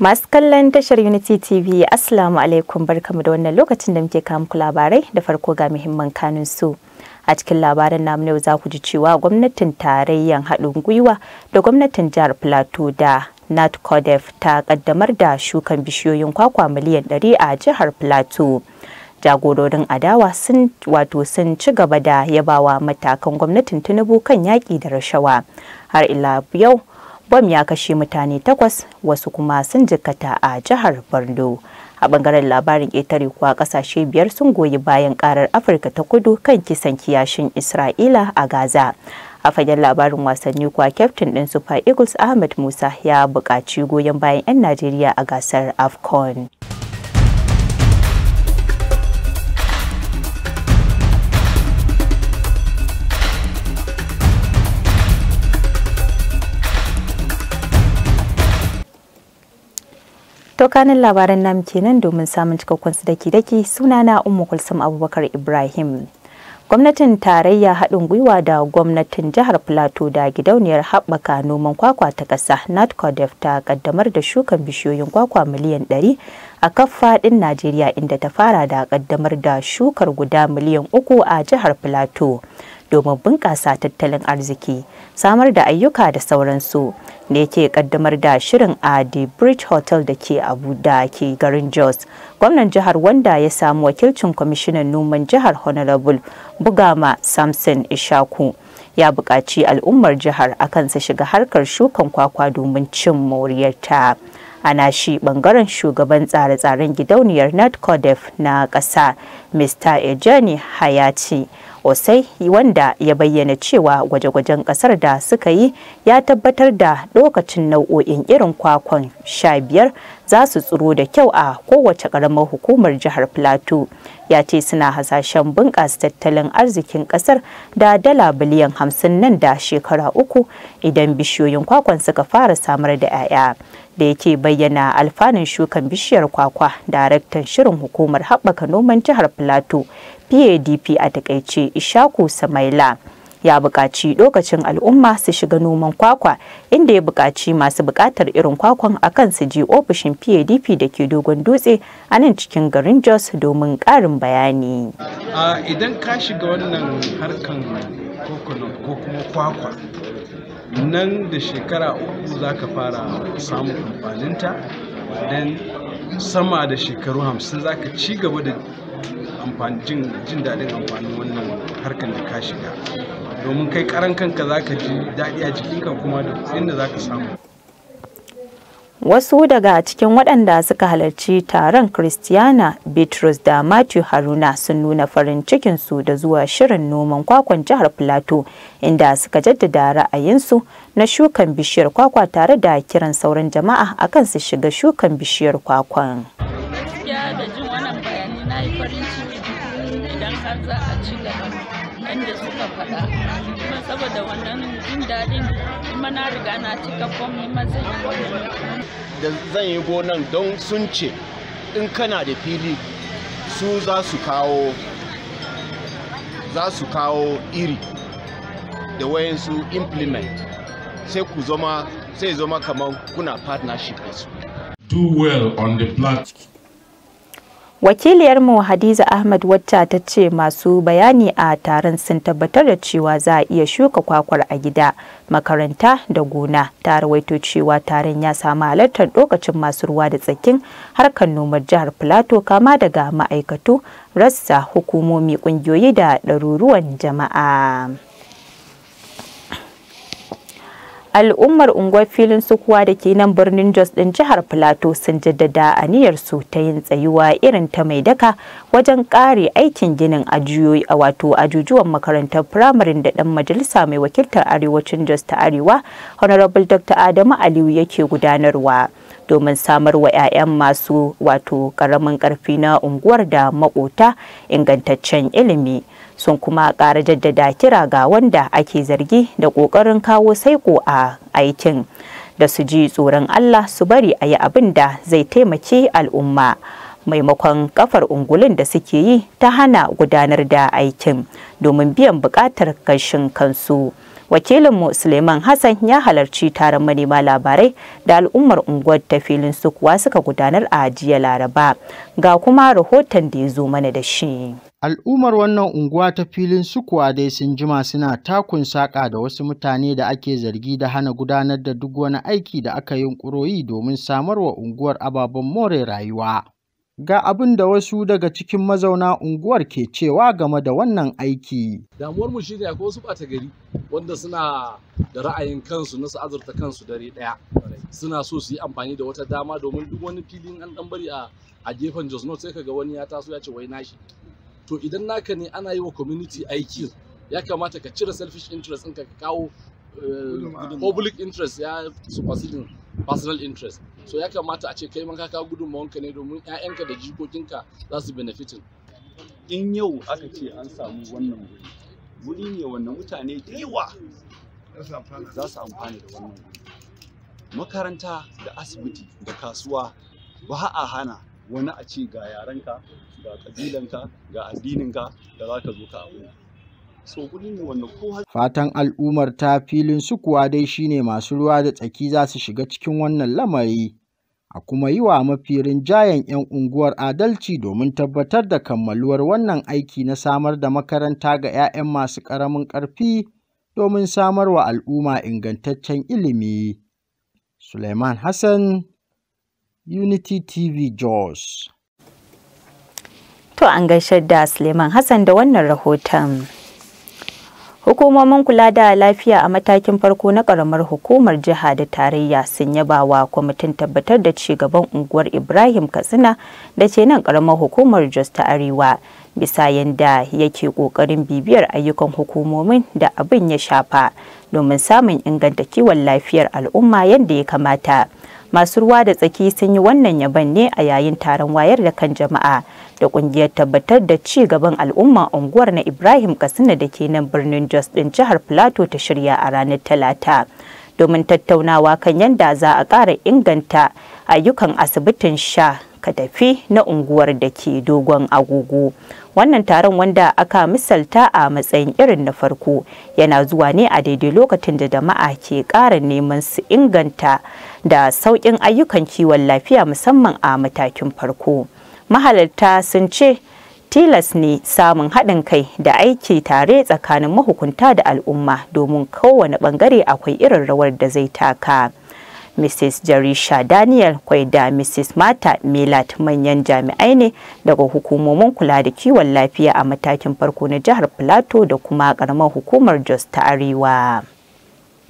Masu kallon tashar Unity TV, Assalamu alaikum barkamu da wannan lokacin da muke kamuku labarai da farko ga muhimman kanun su. A cikin labaran namu yau za ku ji cewa gwamnatin tarayyan haɗin gwiwa da gwamnatin jihar Plateau da NatCodef ta kaddamar da shukan bishiyoyin kwakwa miliyan 100 a jihar Plateau. Jagororin adawa sun wato sun ci gaba da yabawa matakan gwamnatin Tinubu kan yaƙi da rashawa. Har ila yau bom ya kashe mutane takwas wasu kuma sun jikkata a jihar borno a bangaren labarin ƙetare kuwa ƙasashe biyar sun goyi bayan ƙarar afirka ta kudu kan kisan kiyashin isra'ila a gaza a fagen labarin wasanni kuwa kyaftin ɗin super eagles ahmed musa ya buƙaci goyon bayan 'yan najeriya a gasar afcon To kanin labaran namu kenan domin samun cikakkun su daki daki sunana Ummu Kulsum Abubakar Ibrahim. Gwamnatin tarayya haɗin gwiwa da gwamnatin jihar Plateau da gidauniyar haɓaka noman kwakwa ta ƙasa NATCODEF ta ƙaddamar da shukan bishiyoyin kwakwa miliyan 100 a kaf faɗin Najeriya inda ta fara da ƙaddamar da shukar guda miliyan uku a jihar Plateau. domin bunƙasa tattalin arziki samar da ayyuka da sauransu ne ke kaddamar da shirin a the bridge hotel da ke abu ke garin jos gwamnan jihar wanda ya samu wakilcin kwamishinan noman jihar honorable bugama samson ishaku ya buƙaci al'ummar jihar a kansa shiga harkar shukan kwakwa domin cin moriyarta ana shi bangaren shugaban tsare-tsaren gidauniyar natcodef na ƙasa mr ejani hayati osai wanda ya bayyana cewa gwaje-gwajen kasar da suka yi ya tabbatar da lokacin nau'o'in irin kwakwan sha biyar za su tsiro da kyau a kowace karamar hukumar jihar plateau ya ce suna hasashen bunƙasa tattalin arzikin kasar da dala biliyan hamsin nan da shekara uku idan bishiyoyin kwakwan suka fara samar da 'ya'ya da yake bayyana alfanun shukan bishiyar kwakwa daraktan shirin hukumar haɓaka noman jihar plateau PADP a takaice Ishaku Samaila. Ya buƙaci lokacin al'umma su shiga noman kwakwa inda ya buƙaci masu buƙatar irin kwakwan akan su je ofishin PADP da ke dogon dutse a nan cikin garin Jos domin ƙarin bayani. Idan ka shiga wannan harkan ko kuma kwakwa nan da shekara uku za ka fara samun amfaninta don sama da shekaru hamsin za ka ci gaba da jin daɗin amfanin wannan harkar da ka shiga domin kai karan kanka za ka ji daɗi a jikinka kuma da inda za ka samu wasu daga cikin waɗanda suka halarci taron christiana bitrus da matthew haruna sun nuna farin cikinsu da zuwa shirin noman kwakwan jihar plateau inda suka jaddada ra'ayinsu na shukan bishiyar kwakwa tare da kiran sauran jama'a akan su shiga shukan bishiyar kwakwan idan har za a ci gaba suka faɗa saboda wannan jin daɗin kuma na riga na cika fom ma zan yi da zan yi gonan don sun ce in kana da fili su za su kawo za su kawo iri da wayansu implement sai ku zama sai zama kamar kuna partnership da su do well on the platform wakiliyarmu hadiza ahmad wacce ta ce masu bayani a taron sun tabbatar da cewa za a iya shuka kwakwar a gida makaranta da gona ta rawaito cewa taron ya samu halartar lokacin masu ruwa da tsakin harkar nomar jihar plateau kama daga ma'aikatu rassa hukumomi kungiyoyi da ɗaruruwan jama'a al'ummar unguwar filin sukuwa da ke nan birnin jos din jihar plateau sun jaddada niyyar su ta yin tsayuwa irin ta mai daka wajen kare aikin ginin ajiyoyi a wato ajujuwan makarantar firamarin da dan majalisa mai wakiltar arewacin jos ta arewa honorable dr adamu aliyu yake gudanarwa domin samar wa 'ya'yan masu wato karamin karfi na unguwar da makota ingantaccen ilimi sun kuma ƙara jaddada kira ga wanda ake zargi da ƙoƙarin kawo saiko a aikin da su ji tsoron Allah su bari a yi abin da zai taimaki al'umma maimakon kafar ungulin da suke yi ta hana gudanar da aikin domin biyan buƙatar kashin kansu. wakilinmu suleiman hassan ya halarci taron manema labarai da al'ummar unguwar ta filin sukuwa suka gudanar a jiya laraba ga kuma rahoton da ya zo mana da shi Al'ummar wannan unguwa ta Filin Sukuwa dai sun jima suna takun saƙa da wasu mutane da ake zargi da hana gudanar da duk wani aiki da aka yi yi domin samar wa unguwar ababen more rayuwa. Ga abin da wasu daga cikin mazauna unguwar ke cewa game da wannan aiki. Damuwarmu shi ne akwai wasu ɓata gari wanda suna da ra'ayin kansu na su azurta kansu dare ɗaya. Suna so su yi amfani da wata dama domin duk wani filin an ɗan bari a gefen Jos North sai ka ga wani ya taso ya ce wai nashi. to idan naka ne ana yi wa community aiki ya kamata ka cire selfish interest ɗinka ka kawo eh, public interest ya superseding personal interest so ya kamata a ce kai man ka gudunmawanka ne domin 'ya'yanka da jikokinka za su benefitin in yau aka ce an samu wannan wuri wuri ne wannan mutane da yawa za su amfani da wannan wuri makaranta da asibiti da kasuwa ba a hana wani a ce ga yarenka ga ƙabilanka, ga addininka da za ka zo ka abu so kudin ne wanda ko fatan al'ummar ta filin su kuwa dai shine masu ruwa da tsaki za su shiga cikin wannan lamari a kuma yi wa mafirin rinjayen 'yan unguwar adalci domin tabbatar da kammaluwar wannan aiki na samar da makaranta ga 'ya'yan masu ƙaramin ƙarfi domin samar wa al'umma ingantaccen ilimi. Suleiman Hassan Unity TV Jos. To an gaishe da Suleiman Hassan da wannan rahoton. Hukumomin kula da lafiya a matakin farko na ƙaramar hukumar jiha da tarayya sun yaba wa kwamitin tabbatar da ci gaban unguwar Ibrahim Katsina da ce nan karamar hukumar Jos ta Arewa bisa yadda yake ƙoƙarin bibiyar ayyukan hukumomin da abin ya shafa domin samun inganta kiwon lafiyar al'umma yadda ya kamata. masu ruwa da tsaki sun yi wannan yaban ne a yayin taron wayar da kan jama'a da kungiyar tabbatar da ci gaban al'umma unguwar na ibrahim kasina da ke nan birnin jos din jihar plateau ta shirya a ranar talata domin tattaunawa kan yadda za a ƙara inganta ayyukan asibitin sha tafi na unguwar da ke dogon agogo. wannan taron wanda aka misalta a matsayin irin na farko yana zuwa ne a daidai lokacin da jama'a ke ƙara neman su inganta da sauƙin ayyukan kiwon lafiya musamman a matakin farko mahalarta sun ce tilas ne samun haɗin kai da aiki tare tsakanin mahukunta da al'umma domin kowane ɓangare akwai irin rawar da zai taka. mrs jarisha daniel kwai da mrs mata milat manyan jami'ai ne daga hukumomin kula da kiwon lafiya a matakin farko na jihar plateau da kuma karamar hukumar jos ta arewa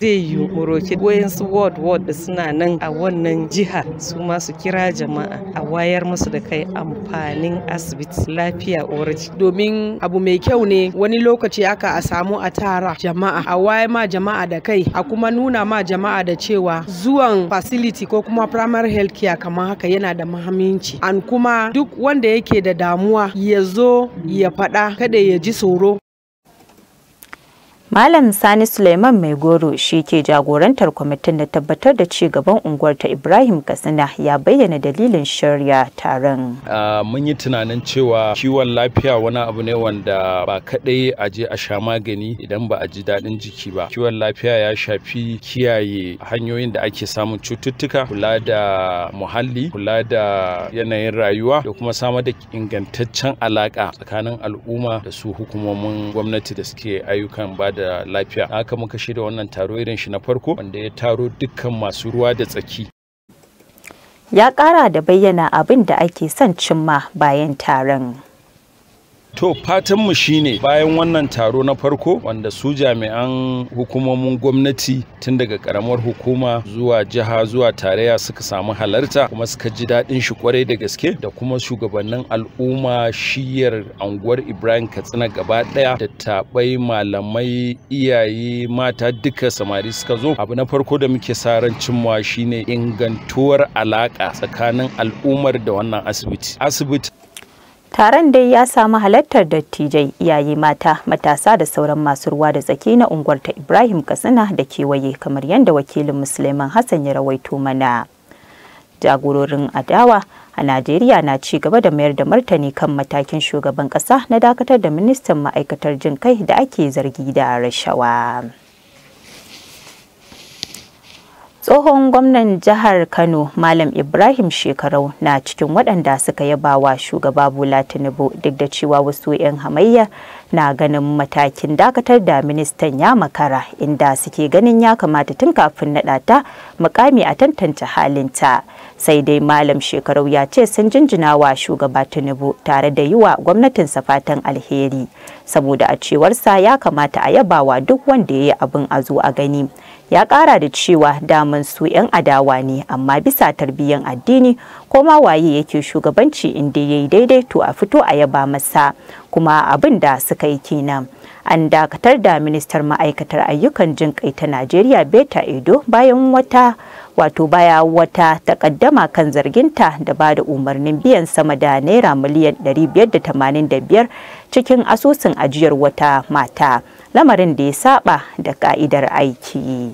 zai yunkuro wayansu ward ward da suna nan a wannan jiha su masu kira jama'a a wayar musu da kai amfanin asibiti lafiya oraji domin abu mai kyau ne wani lokaci aka a samu a tara jama'a a waye ma jama'a da kai a kuma nuna ma jama'a da cewa zuwan facility ko kuma primary health care kamar haka yana da muhimmanci an kuma duk wanda yake da damuwa ya zo ya faɗa kada ya ji tsoro Malam Sani Suleiman Mai Goro shi ke jagorantar kwamitin da tabbatar da ci gaban unguwar ta Ibrahim Katsina ya bayyana dalilin shirya taron. Mun yi tunanin cewa kiwon lafiya wani abu ne wanda ba kaɗai a je a sha magani idan ba a ji daɗin jiki ba. Kiwon lafiya ya shafi kiyaye hanyoyin da ake samun cututtuka, kula da muhalli, kula da yanayin rayuwa da kuma samar da ingantaccen alaƙa tsakanin al'umma da su hukumomin gwamnati da suke ayyukan ba da lafiya haka muka shirya wannan taro irin shi na farko wanda ya taro dukkan masu ruwa da tsaki ya ƙara da bayyana abin da ake son cimma bayan taron To fatanmu shine bayan wannan taro na farko wanda su jami'an hukumomin gwamnati tun daga karamar hukuma zuwa jiha zuwa tarayya suka samu halarta kuma suka ji daɗin shi kwarai da gaske da kuma shugabannin al'umma shiyar anguwar Ibrahim Katsina gaba ɗaya da taɓai malamai iyaye mata duka samari suka zo. Abu na farko da muke sa ran cimma shine ingantuwar alaƙa tsakanin al'ummar da wannan asibiti. Asibiti Taron dai ya samu halartar dattijai iyaye mata matasa da sauran masu ruwa da tsaki na unguwar ta Ibrahim Katsina da kewaye kamar yadda wakilin Musulman Hassan ya rawaito mana. Jagororin adawa a Najeriya na ci gaba da mayar da martani kan matakin shugaban ƙasa na dakatar da ministan ma'aikatar jin kai da ake zargi da rashawa. tsohon gwamnan jihar kano malam ibrahim shekarau na cikin waɗanda suka yaba wa shugaba bola tinubu duk da cewa wasu 'yan hamayya na ganin matakin dakatar da ministan ya makara inda suke ganin ya kamata tun kafin naɗa ta mukami a tantance halinta sai dai malam shekarau ya ce sun jinjina wa shugaba tinubu tare da yi wa gwamnatinsa fatan alheri saboda a cewarsa ya kamata a yabawa duk wanda ya yi abin a zo a gani. ya kara da cewa daman su 'yan adawa ne amma bisa tarbiyyar addini ko ma waye yake shugabanci inda ya yi daidai to a fito a yaba masa kuma abin da suka yi kenan an dakatar da ministar ma'aikatar ayyukan jin ta najeriya beta edo bayan wata wato baya wata takaddama kan zarginta da ba da umarnin biyan sama da naira miliyan 585 cikin asusun ajiyar wata mata lamarin da ya saba da ka'idar aiki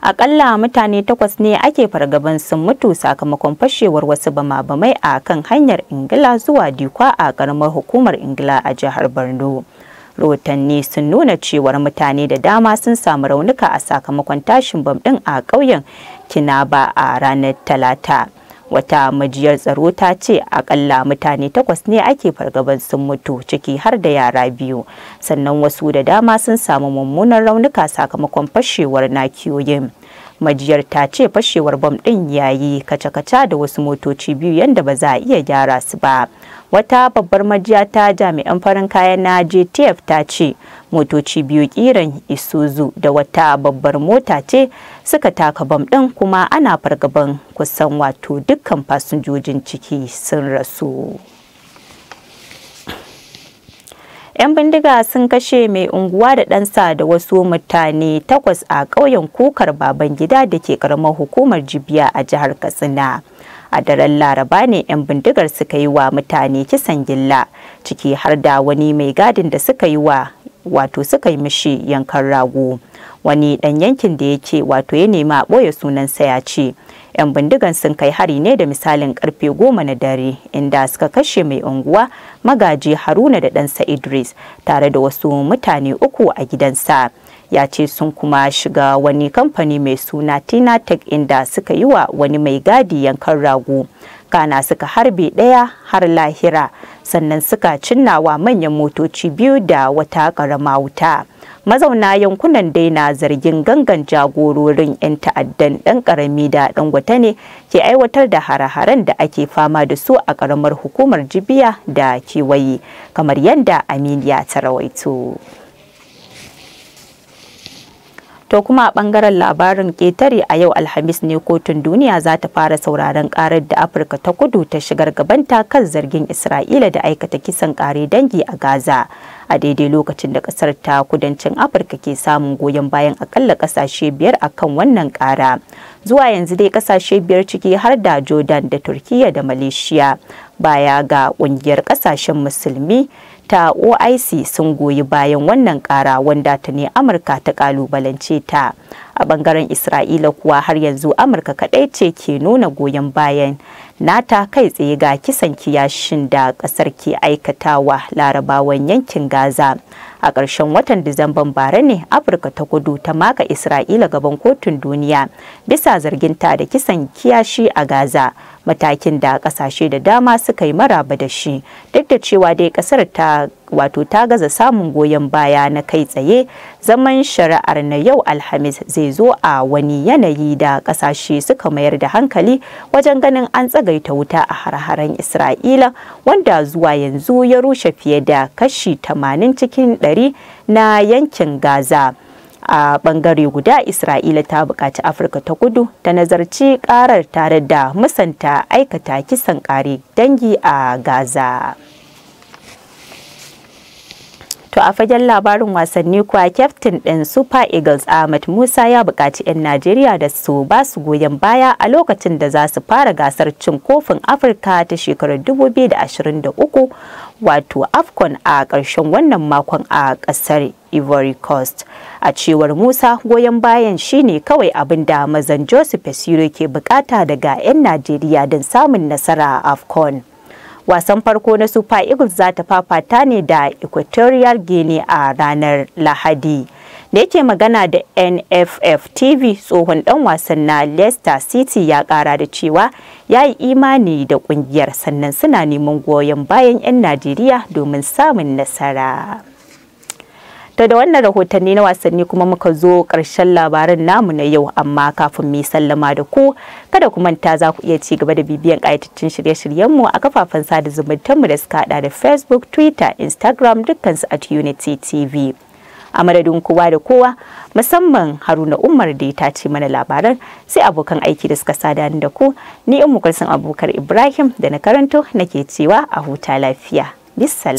akalla mutane takwas ne ake fargaban sun mutu sakamakon fashewar wasu bama-bamai a kan hanyar ingila zuwa dikwa a karamar hukumar ingila a jihar borno rahotanni sun nuna cewar mutane da dama sun samu raunuka a sakamakon tashin bam din a ƙauyen kinaba a ranar talata wata majiyar tsaro ta ce akalla mutane takwas ne ake fargaban sun mutu ciki har da yara biyu sannan wasu da dama sun samu mummunan raunuka sakamakon fashewar nakiyoyin majiyar ta ce fashewar bom ɗin yayi kaca-kaca da wasu motoci biyu yadda ba za a iya gyara su ba wata babbar majiya ta jami'an farin kaya na jtf ta ce motoci biyu kiran isuzu da wata babbar mota ce suka taka bam ɗin kuma ana fargaban kusan wato dukkan fasinjojin ciki sun rasu. 'yan bindiga sun kashe mai unguwa da ɗansa da wasu mutane takwas a ƙauyen kukar baban gida da ke ƙaramar hukumar jibiya a jihar katsina a daren laraba ne 'yan bindigar suka yi wa mutane kisan gilla ciki har da wani mai gadin da suka yi wa wato suka yi mishi yankan rago wani dan yankin da ya wato ya nema a ɓoye sunansa ya ce 'yan bindigan sun kai hari ne da misalin karfe goma na dare inda suka kashe mai unguwa magaji haruna da ɗansa idris tare da wasu mutane uku a gidansa ya ce sun kuma shiga wani kamfani mai suna tinatek inda suka yi wa wani mai gadi yankan rago kana suka harbe ɗaya har lahira sannan suka cinnawa manyan motoci biyu da wata karama wuta. mazauna yankunan dai na zargin gangan jagororin 'yan ta'addan ɗan ƙarami da gwata ne ke aiwatar da hare-haren da ake fama da su a ƙaramar hukumar jibiya da kewaye kamar yadda aminiya ta rawaito. To kuma a bangaren labarin ketare a yau Alhamis ne kotun duniya za ta fara sauraron karar da Afirka ta kudu ta shigar gabanta kan zargin Isra'ila da aikata kisan kare dangi a Gaza. A daidai lokacin da kasar ta kudancin Afirka ke samun goyon bayan akalla kasashe biyar akan wannan kara. Zuwa yanzu dai kasashe biyar ciki har da Jordan da Turkiya da Malaysia. Baya ga kungiyar kasashen musulmi ta oic sun goyi bayan wannan kara wanda ta ne amurka ta kalubalance ta a bangaren isra'ila kuwa har yanzu amurka kadai ce ke nuna goyon bayan nata kai tsaye ga kisan kiyashin da kasar ke aikatawa larabawan yankin gaza a ƙarshen watan disamban bara ne afirka ta kudu ta maka isra'ila gaban kotun duniya bisa zarginta da kisan kiyashi a gaza matakin da ƙasashe da dama suka yi maraba da shi duk da cewa dai ƙasar ta wato ta gaza samun goyon baya na kai tsaye zaman shari'ar na yau alhamis zai zo a wani yanayi da kasashe suka mayar da hankali wajen ganin an tsagaita wuta a har-haren isra'ila wanda zuwa yanzu ya rushe fiye da kashi 80 cikin 100 na yankin gaza. a bangare guda isra'ila ta bukaci afirka ta kudu ta nazarci karar tare da musanta aikata kisan kare dangi a gaza To a fagen labarin wasanni kuwa kyaftin ɗin Super Eagles Ahmad Musa ya buƙaci 'yan Najeriya da su ba su goyon baya a lokacin da za su fara gasar cin kofin Afirka ta shekarar 2023 wato AFCON a ƙarshen wannan makon a ƙasar Ivory Coast. A cewar Musa goyon bayan shine kawai abin da mazan Joseph ke bukata daga 'yan Najeriya don samun nasara a AFCON. wasan farko na super eagles za ta fafata ne da equatorial guinea a ranar lahadi da yake magana da nff tv tsohon dan wasan na leicester city ya kara da cewa ya yi imani da kungiyar sannan suna neman goyon bayan 'yan najeriya domin samun nasara To da wannan rahotanni na wasanni kuma muka zo karshen labarin namu na yau amma kafin mu sallama da ku kada ku manta za ku iya ci gaba da bibiyan ƙayatattun shirye-shiryenmu a kafafen sada mu da suka hada da Facebook, Twitter, Instagram dukkansu at Unity TV. A madadin kowa da kowa musamman Haruna Umar da ya ce mana labaran sai abokan aiki da suka sada da ku ni in mukulsin abokar Ibrahim da na karanto nake cewa a huta lafiya. Bissal.